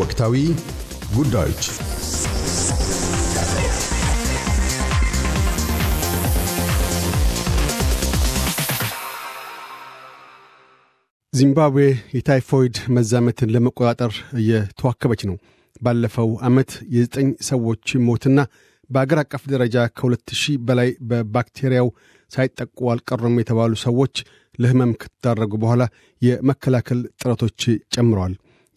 ወቅታዊ ጉዳዮች ዚምባብዌ የታይፎይድ መዛመትን ለመቆጣጠር እየተዋከበች ነው። ባለፈው ዓመት የዘጠኝ ሰዎች ሞትና በአገር አቀፍ ደረጃ ከ ሺህ በላይ በባክቴሪያው ሳይጠቁ አልቀሩም የተባሉ ሰዎች ለህመም ከተዳረጉ በኋላ የመከላከል ጥረቶች ጨምረዋል።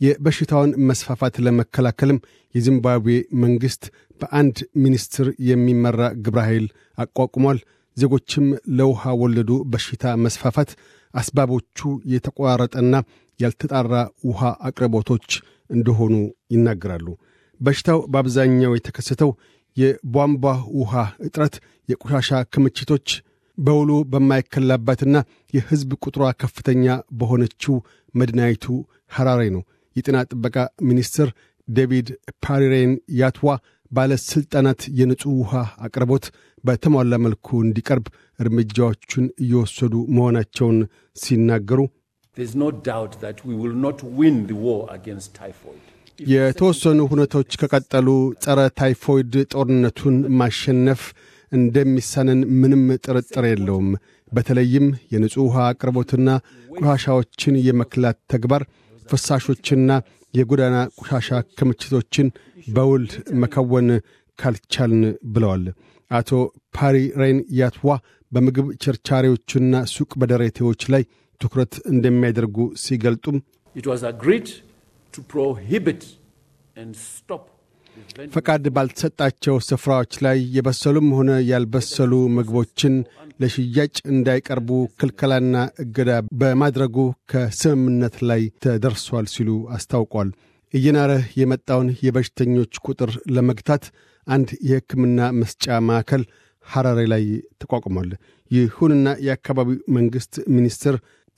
የበሽታውን መስፋፋት ለመከላከልም የዚምባብዌ መንግሥት በአንድ ሚኒስትር የሚመራ ግብረ ኃይል አቋቁሟል። ዜጎችም ለውሃ ወለዱ በሽታ መስፋፋት አስባቦቹ የተቆራረጠና ያልተጣራ ውሃ አቅርቦቶች እንደሆኑ ይናገራሉ። በሽታው በአብዛኛው የተከሰተው የቧንቧ ውሃ እጥረት፣ የቆሻሻ ክምችቶች በውሉ በማይከላባትና የሕዝብ ቁጥሯ ከፍተኛ በሆነችው መድናይቱ ሐራሬ ነው። የጤና ጥበቃ ሚኒስትር ዴቪድ ፓሪሬን ያትዋ ባለሥልጣናት የንጹሕ ውሃ አቅርቦት በተሟላ መልኩ እንዲቀርብ እርምጃዎቹን እየወሰዱ መሆናቸውን ሲናገሩ የተወሰኑ ሁነቶች ከቀጠሉ ጸረ ታይፎይድ ጦርነቱን ማሸነፍ እንደሚሳነን ምንም ጥርጥር የለውም። በተለይም የንጹሕ ውሃ አቅርቦትና ቆሻሻዎችን የመክላት ተግባር ፍሳሾችና የጎዳና ቆሻሻ ክምችቶችን በውል መከወን ካልቻልን ብለዋል። አቶ ፓሪ ሬን ያትዋ በምግብ ቸርቻሪዎችና ሱቅ በደረቴዎች ላይ ትኩረት እንደሚያደርጉ ሲገልጡም ፈቃድ ባልተሰጣቸው ስፍራዎች ላይ የበሰሉም ሆነ ያልበሰሉ ምግቦችን ለሽያጭ እንዳይቀርቡ ክልከላና እገዳ በማድረጉ ከስምምነት ላይ ተደርሷል ሲሉ አስታውቋል። እየናረ የመጣውን የበሽተኞች ቁጥር ለመግታት አንድ የሕክምና መስጫ ማዕከል ሐራሬ ላይ ተቋቁሟል። ይሁንና የአካባቢው መንግሥት ሚኒስትር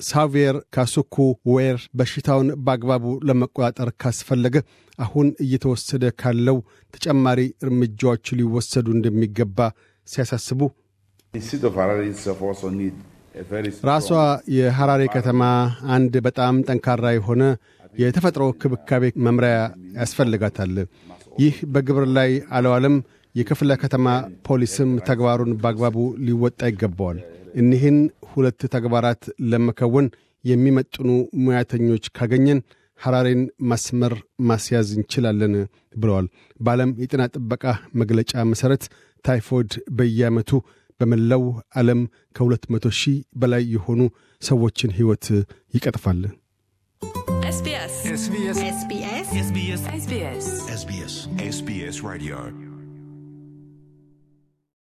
ሳቪየር ካሱኩ ዌር በሽታውን በአግባቡ ለመቆጣጠር ካስፈለገ አሁን እየተወሰደ ካለው ተጨማሪ እርምጃዎች ሊወሰዱ እንደሚገባ ሲያሳስቡ ራሷ የሐራሬ ከተማ አንድ በጣም ጠንካራ የሆነ የተፈጥሮ ክብካቤ መምሪያ ያስፈልጋታል። ይህ በግብር ላይ አለዋለም። የክፍለ ከተማ ፖሊስም ተግባሩን በአግባቡ ሊወጣ ይገባዋል። እኒህን ሁለት ተግባራት ለመከወን የሚመጥኑ ሙያተኞች ካገኘን ሐራሬን ማስመር ማስያዝ እንችላለን ብለዋል። በዓለም የጤና ጥበቃ መግለጫ መሠረት ታይፎይድ በየዓመቱ በመላው ዓለም ከ200 ሺህ በላይ የሆኑ ሰዎችን ሕይወት ይቀጥፋል። SBS SBS SBS SBS SBS SBS Radio